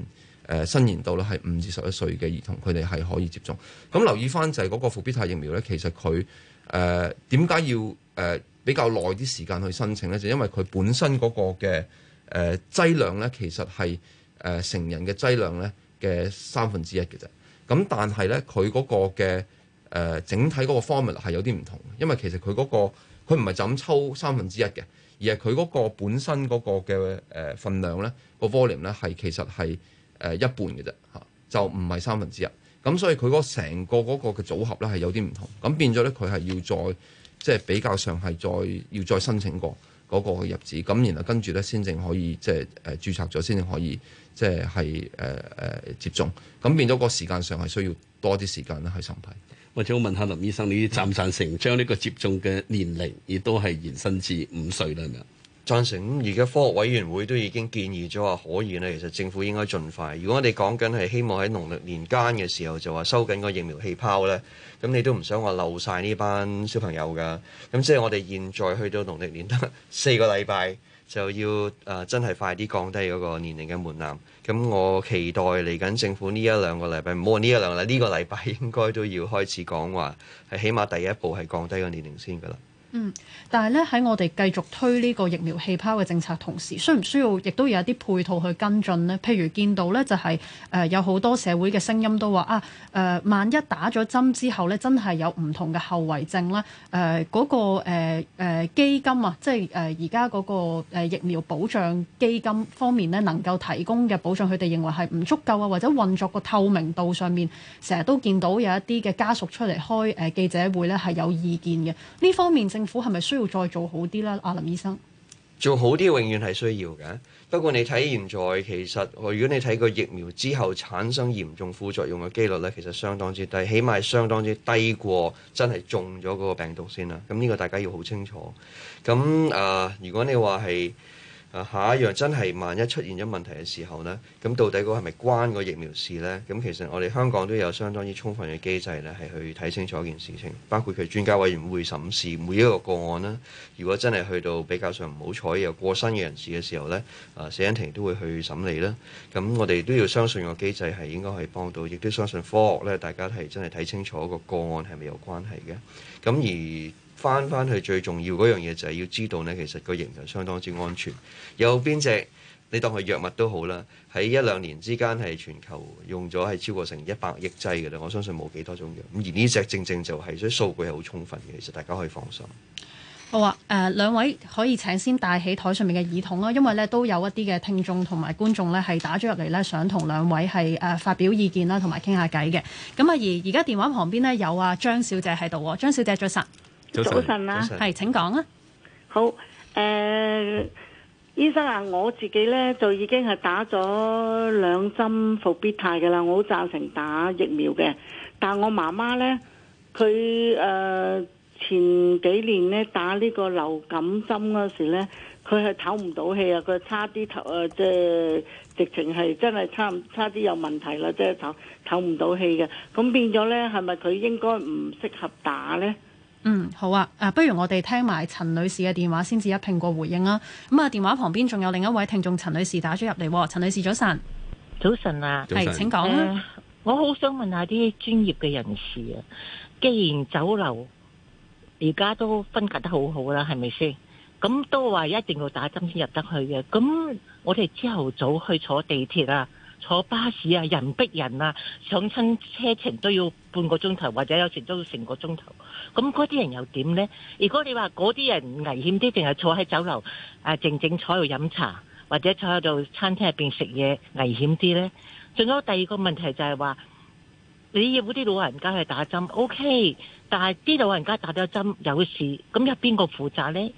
誒伸延到咧係五至十一歲嘅兒童，佢哋係可以接種。咁留意翻就係嗰個復必泰疫苗咧，其實佢誒點解要誒、呃、比較耐啲時間去申請咧？就因為佢本身嗰個嘅誒、呃、劑量咧，其實係誒、呃、成人嘅劑量咧嘅三分之一嘅啫。咁但係咧，佢嗰個嘅誒、呃、整體嗰個 formula 係有啲唔同，因為其實佢嗰、那個佢唔係就咁抽三分之一嘅，而係佢嗰個本身嗰個嘅誒份量咧個 volume 咧係其實係誒一半嘅啫嚇，就唔係三分之一。咁、啊、所以佢嗰成個嗰個嘅組合咧係有啲唔同，咁、啊、變咗咧佢係要再即係比較上係再要再申請過。嗰個入紙，咁然後跟住咧先至可以即係誒註冊咗，先至可以即係係誒誒接種，咁變咗個時間上係需要多啲時間去審批。或者我仲要問下林醫生，你啲贊唔贊成將呢個接種嘅年齡亦都係延伸至五歲咧？贊成，而家科學委員會都已經建議咗話可以咧，其實政府應該盡快。如果我哋講緊係希望喺農曆年間嘅時候就話收緊嗰個疫苗氣泡呢，咁你都唔想話漏晒呢班小朋友噶。咁即係我哋現在去到農曆年得四個禮拜，就要誒、呃、真係快啲降低嗰個年齡嘅門檻。咁我期待嚟緊政府呢一兩個禮拜，唔好話呢一兩個禮，呢、呢個禮拜應該都要開始講話係起碼第一步係降低個年齡先噶啦。嗯，但係咧，喺我哋繼續推呢個疫苗氣泡嘅政策同時，需唔需要亦都有一啲配套去跟進咧？譬如見到咧就係、是、誒、呃、有好多社會嘅聲音都話啊誒、呃、萬一打咗針之後咧，真係有唔同嘅後遺症啦誒嗰個誒誒、呃、基金啊，即係誒而家嗰個誒疫苗保障基金方面咧，能夠提供嘅保障，佢哋認為係唔足夠啊，或者運作個透明度上面，成日都見到有一啲嘅家屬出嚟開誒、呃、記者會咧，係有意見嘅呢方面正。政府係咪需要再做好啲呢？阿林醫生，做好啲，永遠係需要嘅。不過你睇現在，其實如果你睇個疫苗之後產生嚴重副作用嘅機率咧，其實相當之低，起碼相當之低過真係中咗嗰個病毒先啦。咁呢個大家要好清楚。咁啊、呃，如果你話係，啊，下一樣真係萬一出現咗問題嘅時候咧，咁到底嗰係咪關個疫苗事咧？咁其實我哋香港都有相當之充分嘅機制咧，係去睇清楚一件事情，包括佢專家委員會審視每一個個案啦。如果真係去到比較上唔好彩又過身嘅人士嘅時候咧，啊，死因庭都會去審理啦。咁我哋都要相信個機制係應該可以幫到，亦都相信科學咧，大家係真係睇清楚個個案係咪有關係嘅。咁而返返去最重要嗰樣嘢就係要知道呢，其實個型就相當之安全。有邊隻你當係藥物都好啦，喺一兩年之間係全球用咗係超過成一百億劑嘅啦。我相信冇幾多種藥，咁而呢隻正正就係、是、所以數據係好充分嘅，其實大家可以放心。好啊，誒、呃、兩位可以請先帶起台上面嘅耳筒啦，因為呢都有一啲嘅聽眾同埋觀眾呢係打咗入嚟呢，想同兩位係誒、呃、發表意見啦，同埋傾下偈嘅。咁啊而而家電話旁邊呢，有啊張小姐喺度，張小姐早晨。早晨，早晨啊，係，請講啊。好誒、呃，醫生啊，我自己咧就已經係打咗兩針復必泰嘅啦。我好贊成打疫苗嘅，但係我媽媽咧，佢誒、呃、前幾年咧打呢個流感針嗰時咧，佢係唞唔到氣啊，佢差啲頭誒，即係直情係真係差唔差啲有問題啦，即係唞唞唔到氣嘅。咁變咗咧，係咪佢應該唔適合打咧？嗯，好啊，誒，不如我哋聽埋陳女士嘅電話先至一併過回應啊。咁、嗯、啊，電話旁邊仲有另一位聽眾陳女士打咗入嚟。陳女士早晨，早晨啊，係，請講啦、啊呃。我好想問下啲專業嘅人士啊，既然酒樓而家都分隔得好好啦，係咪先？咁都話一定要打針先入得去嘅。咁我哋朝頭早去坐地鐵啊，坐巴士啊，人逼人啊，上親車程都要半個鐘頭，或者有時都要成個鐘頭。咁嗰啲人又點呢？如果你話嗰啲人危險啲，淨係坐喺酒樓啊，靜、呃、靜坐喺度飲茶，或者坐喺度餐廳入邊食嘢，危險啲呢？仲有第二個問題就係話，你要啲老人家去打針，OK，但係啲老人家打咗針有事，咁有邊個負責呢？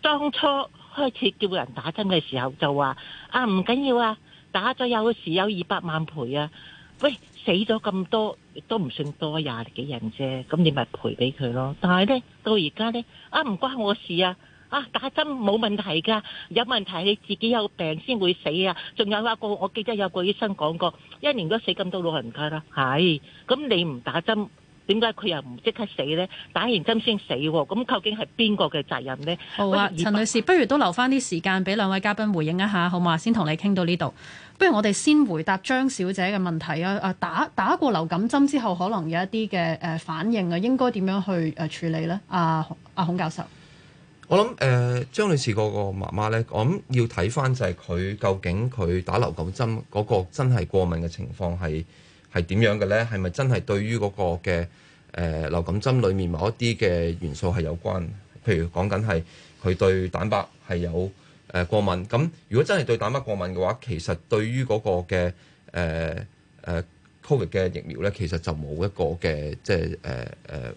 當初開始叫人打針嘅時候就話啊，唔緊要啊，打咗有事有二百萬賠啊！喂，死咗咁多，都唔算多廿幾人啫。咁你咪賠俾佢咯。但係呢，到而家呢，啊唔關我事啊，啊打針冇問題㗎，有問題你自己有病先會死啊。仲有個我記得有個醫生講過，一年都死咁多老人家啦，係。咁你唔打針？點解佢又唔即刻死呢？打完針先死，啊，咁究竟係邊個嘅責任呢？好啊，陳女士，不如都留翻啲時間俾兩位嘉賓回應一下，好嘛？先同你傾到呢度。不如我哋先回答張小姐嘅問題啊！啊，打打過流感針之後，可能有一啲嘅誒反應啊，應該點樣去誒處理呢？阿、啊、阿、啊、孔教授，我諗誒，張、呃、女士嗰個媽媽呢，我諗要睇翻就係佢究竟佢打流感針嗰個真係過敏嘅情況係。係點樣嘅咧？係咪真係對於嗰個嘅誒、呃、流感針裡面某一啲嘅元素係有關？譬如講緊係佢對蛋白係有誒、呃、過敏。咁如果真係對蛋白過敏嘅話，其實對於嗰個嘅誒誒 Covid 嘅疫苗咧，其實就冇一個嘅即係誒誒誒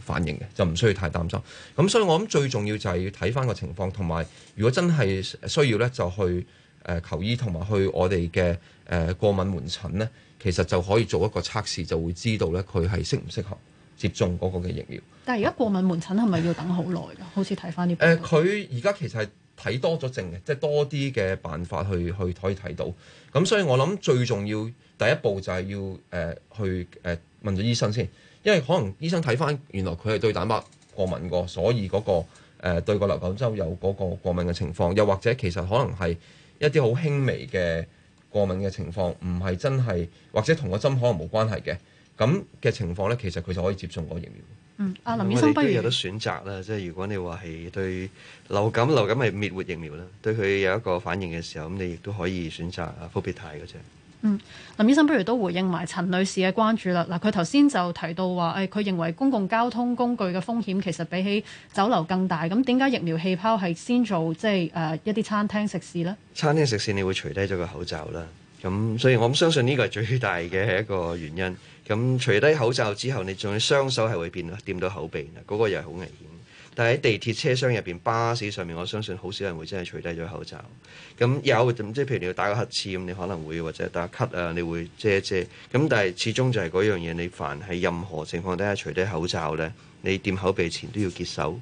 反應嘅，就唔需要太擔心。咁所以我諗最重要就係要睇返個情況，同埋如果真係需要咧，就去誒、呃、求醫，同埋去我哋嘅誒過敏門診咧。其實就可以做一個測試，就會知道咧佢係適唔適合接種嗰個嘅疫苗。但係而家過敏門診係咪要等好耐㗎？好似睇翻啲誒，佢而家其實係睇多咗症嘅，即係多啲嘅辦法去去可以睇到。咁所以我諗最重要第一步就係要誒、呃、去誒、呃、問咗醫生先，因為可能醫生睇翻原來佢係對蛋白過敏過，所以嗰、那個誒、呃、對個流感劑有嗰個過敏嘅情況，又或者其實可能係一啲好輕微嘅。過敏嘅情況唔係真係，或者同個針可能冇關係嘅咁嘅情況咧，其實佢就可以接種嗰個疫苗。嗯，阿、啊、林醫生不如有得選擇啦，即係如果你話係對流感，流感係滅活疫苗啦，對佢有一個反應嘅時候，咁你亦都可以選擇阿、啊、福必泰嗰隻。嗯，林醫生不如都回應埋陳女士嘅關注啦。嗱，佢頭先就提到話，誒，佢認為公共交通工具嘅風險其實比起酒樓更大。咁點解疫苗氣泡係先做即係誒一啲餐廳食肆呢？餐廳食肆你會除低咗個口罩啦，咁所以我相信呢個係最大嘅一個原因。咁除低口罩之後，你仲要雙手係會變掂到口鼻，嗱，嗰個又係好危險。但喺地鐵車廂入邊、巴士上面，我相信好少人會真係除低咗口罩。咁有即係譬如你要打個乞嗤，咁，你可能會或者打個咳啊，你會遮一遮。咁但係始終就係嗰樣嘢，你凡係任何情況底下除低口罩咧，你掂口鼻前都要潔手。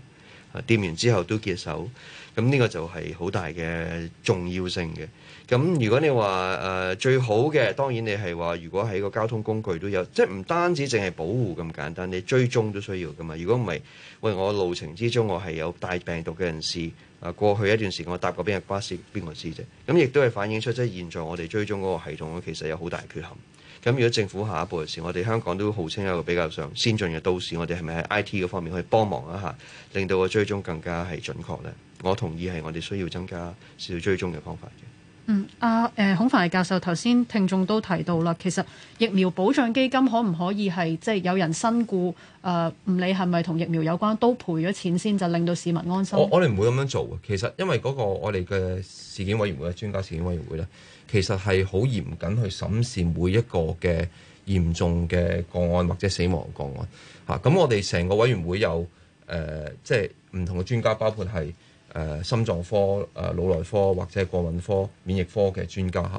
掂完之後都潔手，咁呢個就係好大嘅重要性嘅。咁如果你話誒、呃、最好嘅，當然你係話，如果喺個交通工具都有，即係唔單止淨係保護咁簡單，你追蹤都需要噶嘛。如果唔係，喂，我路程之中我係有帶病毒嘅人士啊，過去一段時間我搭過邊個巴士邊個司姐，咁亦都係反映出即係現在我哋追蹤嗰個系統，其實有好大缺陷。咁如果政府下一步嘅事，我哋香港都號稱一個比較上先進嘅都市，我哋係咪喺 I T 嗰方面可以幫忙一下，令到個追蹤更加係準確咧？我同意係我哋需要增加少追蹤嘅方法嘅。嗯，阿、啊、誒、呃、孔繁毅教授頭先聽眾都提到啦，其實疫苗保障基金可唔可以係即係有人身故誒，唔、呃、理係咪同疫苗有關，都賠咗錢先，就令到市民安心？我我哋唔會咁樣做嘅。其實因為嗰個我哋嘅事件委員會專家事件委員會咧。其實係好嚴謹去審視每一個嘅嚴重嘅個案或者死亡個案嚇，咁、啊、我哋成個委員會有誒、呃，即係唔同嘅專家，包括係誒、呃、心臟科、誒、呃、腦內科或者係過敏科、免疫科嘅專家嚇。誒、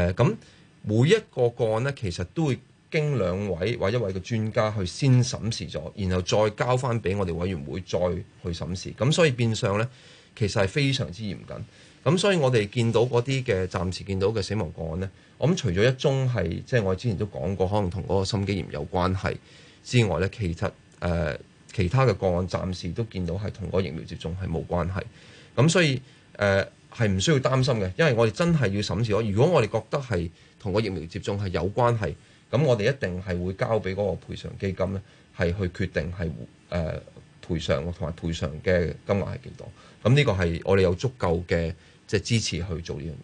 啊、咁每一個個案呢，其實都會經兩位或一位嘅專家去先審視咗，然後再交翻俾我哋委員會再去審視。咁所以變相呢，其實係非常之嚴謹。咁所以我哋見到嗰啲嘅暫時見到嘅死亡個案呢，我諗除咗一宗係即係我之前都講過，可能同嗰個心肌炎有關係之外呢，其實誒、呃、其他嘅個案暫時都見到係同嗰個疫苗接種係冇關係。咁所以誒係唔需要擔心嘅，因為我哋真係要審視。如果我哋覺得係同個疫苗接種係有關係，咁我哋一定係會交俾嗰個賠償基金呢，係去決定係誒、呃、賠償同埋賠償嘅金額係幾多。咁呢個係我哋有足夠嘅。即係支持去做呢樣嘢。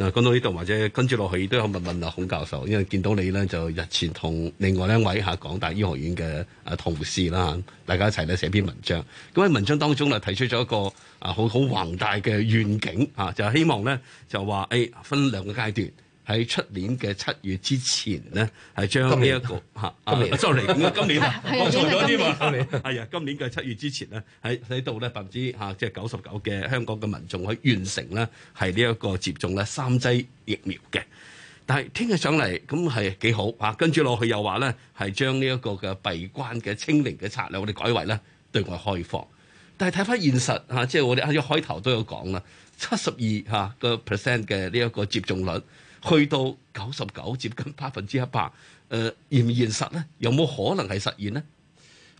嗱，講到呢度或者跟住落去，都可問問啊，孔教授，因為見到你咧，就日前同另外咧位下港大醫學院嘅啊同事啦，大家一齊咧寫篇文章。咁喺文章當中咧，提出咗一個啊好好宏大嘅願景啊，就係、希望咧就話誒、哎、分兩個階段。喺出年嘅七月之前咧，係將呢、這、一個嚇，今年就嚟，今年啊，錯咗啲嘛，係啊，今年嘅七月之前咧，喺喺度咧百分之嚇即係九十九嘅香港嘅民眾可以完成咧，係呢一個接種咧三劑疫苗嘅。但係聽起上嚟咁係幾好嚇、啊，跟住落去又話咧係將呢一個嘅閉關嘅清零嘅策略，我哋改為咧對外開放。但係睇翻現實嚇，即、啊、係、就是、我哋一開頭都有講啦，七十二嚇個 percent 嘅呢一個接種率。去到九十九，接近百分之一百，誒、呃，現唔現實呢？有冇可能係實現呢？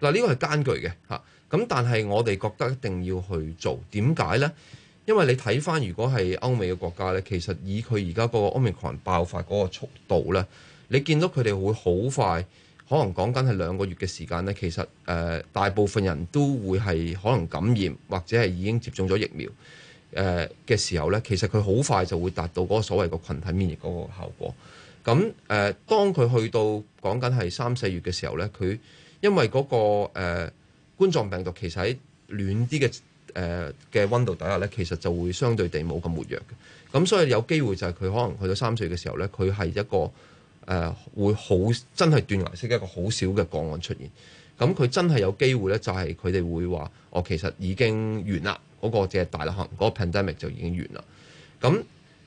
嗱，呢個係艱巨嘅嚇。咁但係我哋覺得一定要去做，點解呢？因為你睇翻，如果係歐美嘅國家呢，其實以佢而家嗰個 omicron 爆發嗰個速度呢，你見到佢哋會好快，可能講緊係兩個月嘅時間呢，其實誒、呃、大部分人都會係可能感染，或者係已經接種咗疫苗。誒嘅、呃、時候呢，其實佢好快就會達到嗰個所謂嘅群體免疫嗰個效果。咁、嗯、誒、呃，當佢去到講緊係三四月嘅時候呢，佢因為嗰、那個、呃、冠狀病毒其實喺暖啲嘅誒嘅溫度底下呢，其實就會相對地冇咁活躍嘅。咁、嗯、所以有機會就係佢可能去到三四月嘅時候呢，佢係一個誒、呃、會好真係斷崖式一個好少嘅個案出現。咁佢真係有機會呢，就係佢哋會話：哦，其實已經完啦，嗰個即係大流行，嗰個 pandemic 就已經完啦。咁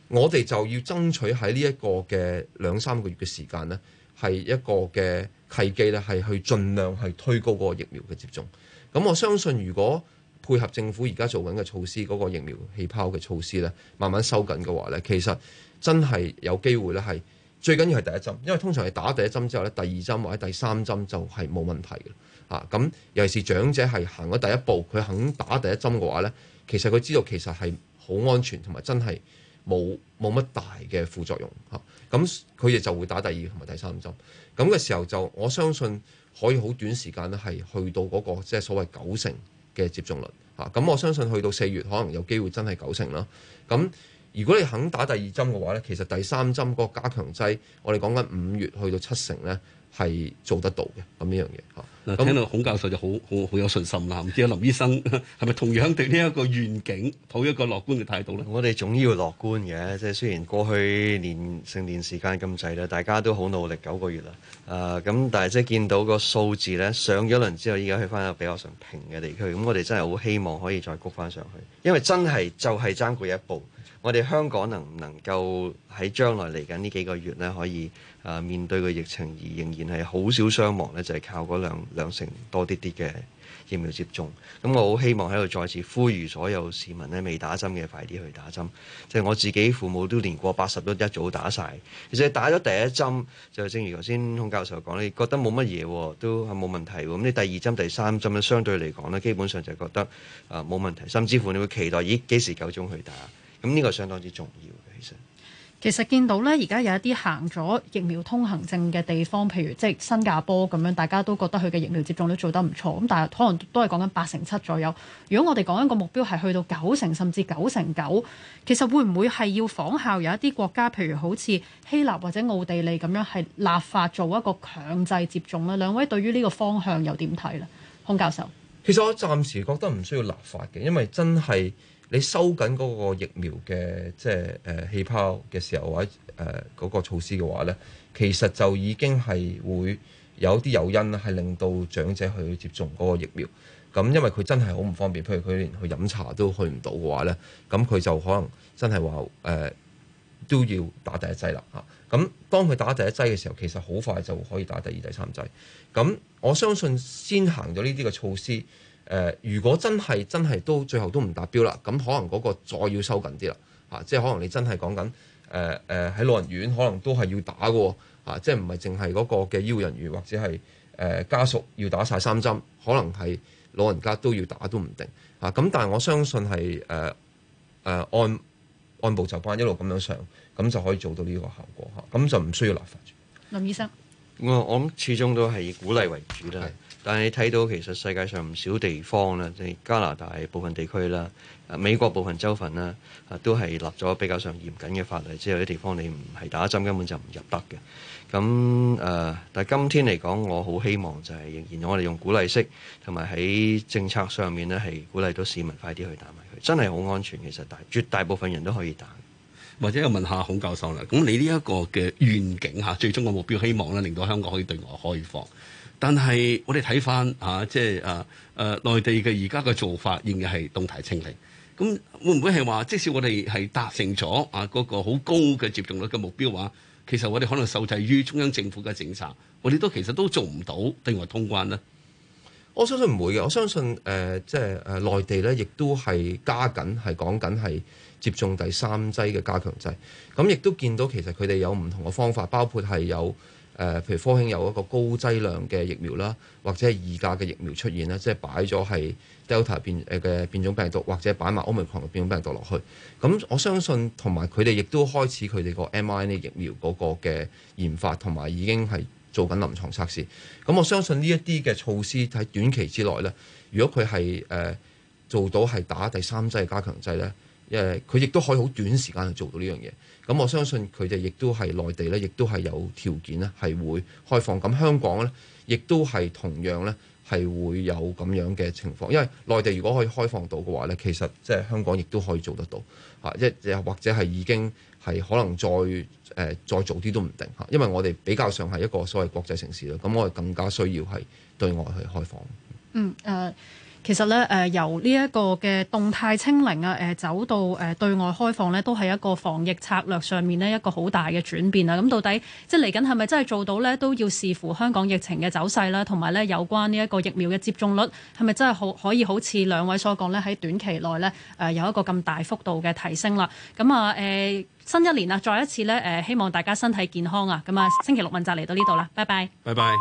我哋就要爭取喺呢一個嘅兩三個月嘅時間呢，係一個嘅契機呢，係去盡量係推高個疫苗嘅接種。咁我相信，如果配合政府而家做緊嘅措施，嗰個疫苗氣泡嘅措施呢，慢慢收緊嘅話呢，其實真係有機會呢係。最緊要係第一針，因為通常係打第一針之後咧，第二針或者第三針就係冇問題嘅嚇。咁、啊、尤其是長者係行咗第一步，佢肯打第一針嘅話咧，其實佢知道其實係好安全同埋真係冇冇乜大嘅副作用嚇。咁佢哋就會打第二同埋第三針。咁嘅時候就我相信可以好短時間咧係去到嗰、那個即係、就是、所謂九成嘅接種率嚇。咁、啊啊啊、我相信去到四月可能有機會真係九成啦。咁、啊啊如果你肯打第二針嘅話咧，其實第三針嗰個加強劑，我哋講緊五月去到七成呢係做得到嘅，咁呢樣嘢嚇。咁啊，孔教授就好好，好有信心啦。唔知阿林醫生係咪同樣對呢 一個願景抱一個樂觀嘅態度呢？我哋總要樂觀嘅，即係雖然過去年成年時間咁滯啦，大家都好努力九個月啦，啊、呃、咁，但係即係見到個數字呢，上咗輪之後，依家去翻一個比較上平嘅地區，咁我哋真係好希望可以再谷翻上去，因為真係就係爭佢一步。我哋香港能唔能夠喺將來嚟緊呢幾個月咧，可以啊、呃、面對個疫情而仍然係好少傷亡咧，就係、是、靠嗰兩兩成多啲啲嘅疫苗接種。咁我好希望喺度再次呼籲所有市民咧，未打針嘅快啲去打針。即、就、係、是、我自己父母都年過八十都一早打晒。其實打咗第一針就正如頭先孔教授講，你覺得冇乜嘢喎，都係冇問題喎。咁你第二針、第三針咧，相對嚟講咧，基本上就覺得啊冇、呃、問題，甚至乎你會期待咦幾時夠鐘去打？咁呢個相當之重要嘅，其實其實見到呢，而家有一啲行咗疫苗通行證嘅地方，譬如即係新加坡咁樣，大家都覺得佢嘅疫苗接種都做得唔錯。咁但係可能都係講緊八成七左右。如果我哋講一個目標係去到九成，甚至九成九，其實會唔會係要仿效有一啲國家，譬如好似希臘或者奧地利咁樣，係立法做一個強制接種呢？兩位對於呢個方向又點睇呢？孔教授，其實我暫時覺得唔需要立法嘅，因為真係。你收緊嗰個疫苗嘅即係誒、呃、氣泡嘅時候或者嗰個措施嘅話咧，其實就已經係會有啲誘因係令到長者去接種嗰個疫苗。咁因為佢真係好唔方便，譬如佢連去飲茶都去唔到嘅話咧，咁佢就可能真係話誒都要打第一劑啦嚇。咁、啊、當佢打第一劑嘅時候，其實好快就可以打第二、第三劑。咁我相信先行咗呢啲嘅措施。誒、呃，如果真係真係都最後都唔達標啦，咁可能嗰個再要收緊啲啦，嚇、啊，即係可能你真係講緊誒誒喺老人院，可能都係要打嘅，嚇、啊，即係唔係淨係嗰個嘅醫護人員或者係誒、呃、家屬要打晒三針，可能係老人家都要打都唔定，嚇、啊，咁但係我相信係誒誒按按部就班一路咁樣上，咁就可以做到呢個效果嚇，咁、啊、就唔需要立法。林醫生，我我諗始終都係以鼓勵為主啦。但係你睇到其實世界上唔少地方啦，即係加拿大部分地區啦、呃，美國部分州份啦，啊、呃、都係立咗比較上嚴謹嘅法例，即係有啲地方你唔係打針根本就唔入得嘅。咁誒、呃，但係今天嚟講，我好希望就係仍然我哋用鼓勵式，同埋喺政策上面咧，係鼓勵到市民快啲去打埋佢，真係好安全。其實大絕大部分人都可以打。或者我問下孔教授啦，咁你呢一個嘅願景吓，最終個目標希望咧，令到香港可以對外開放。但係我哋睇翻啊，即係啊誒、呃，內地嘅而家嘅做法仍然係動態清零。咁會唔會係話，即使我哋係達成咗啊嗰、那個好高嘅接種率嘅目標話，其實我哋可能受制於中央政府嘅政策，我哋都其實都做唔到定為通關呢？我相信唔會嘅，我相信誒即係誒內地咧，亦都係加緊係講緊係接種第三劑嘅加強劑。咁亦都見到其實佢哋有唔同嘅方法，包括係有。誒、呃，譬如科興有一個高劑量嘅疫苗啦，或者係二價嘅疫苗出現啦，即係擺咗係 Delta 變誒嘅變種病毒，或者擺埋 Omicron 嘅變種病毒落去。咁、嗯、我相信同埋佢哋亦都開始佢哋個 mRNA 疫苗嗰個嘅研發，同埋已經係做緊臨床測試。咁、嗯、我相信呢一啲嘅措施喺短期之內咧，如果佢係誒做到係打第三劑加強劑咧，誒佢亦都可以好短時間去做到呢樣嘢。咁我相信佢哋亦都係內地咧，亦都係有條件咧，係會開放。咁香港咧，亦都係同樣咧，係會有咁樣嘅情況。因為內地如果可以開放到嘅話咧，其實即係香港亦都可以做得到嚇，一或者係已經係可能再誒、呃、再早啲都唔定嚇，因為我哋比較上係一個所謂國際城市啦，咁我哋更加需要係對外去開放。嗯，誒、uh。其實咧，誒、呃、由呢一個嘅動態清零啊，誒、呃、走到誒、呃、對外開放咧，都係一個防疫策略上面咧一個好大嘅轉變啊！咁、嗯、到底即係嚟緊係咪真係做到咧？都要視乎香港疫情嘅走勢啦，同埋咧有關呢一個疫苗嘅接種率係咪真係好可以好似兩位所講咧喺短期內咧誒有一個咁大幅度嘅提升啦？咁啊誒新一年啊，再一次咧誒、呃、希望大家身體健康啊！咁、嗯、啊，星期六問責嚟到呢度啦，拜拜，拜拜。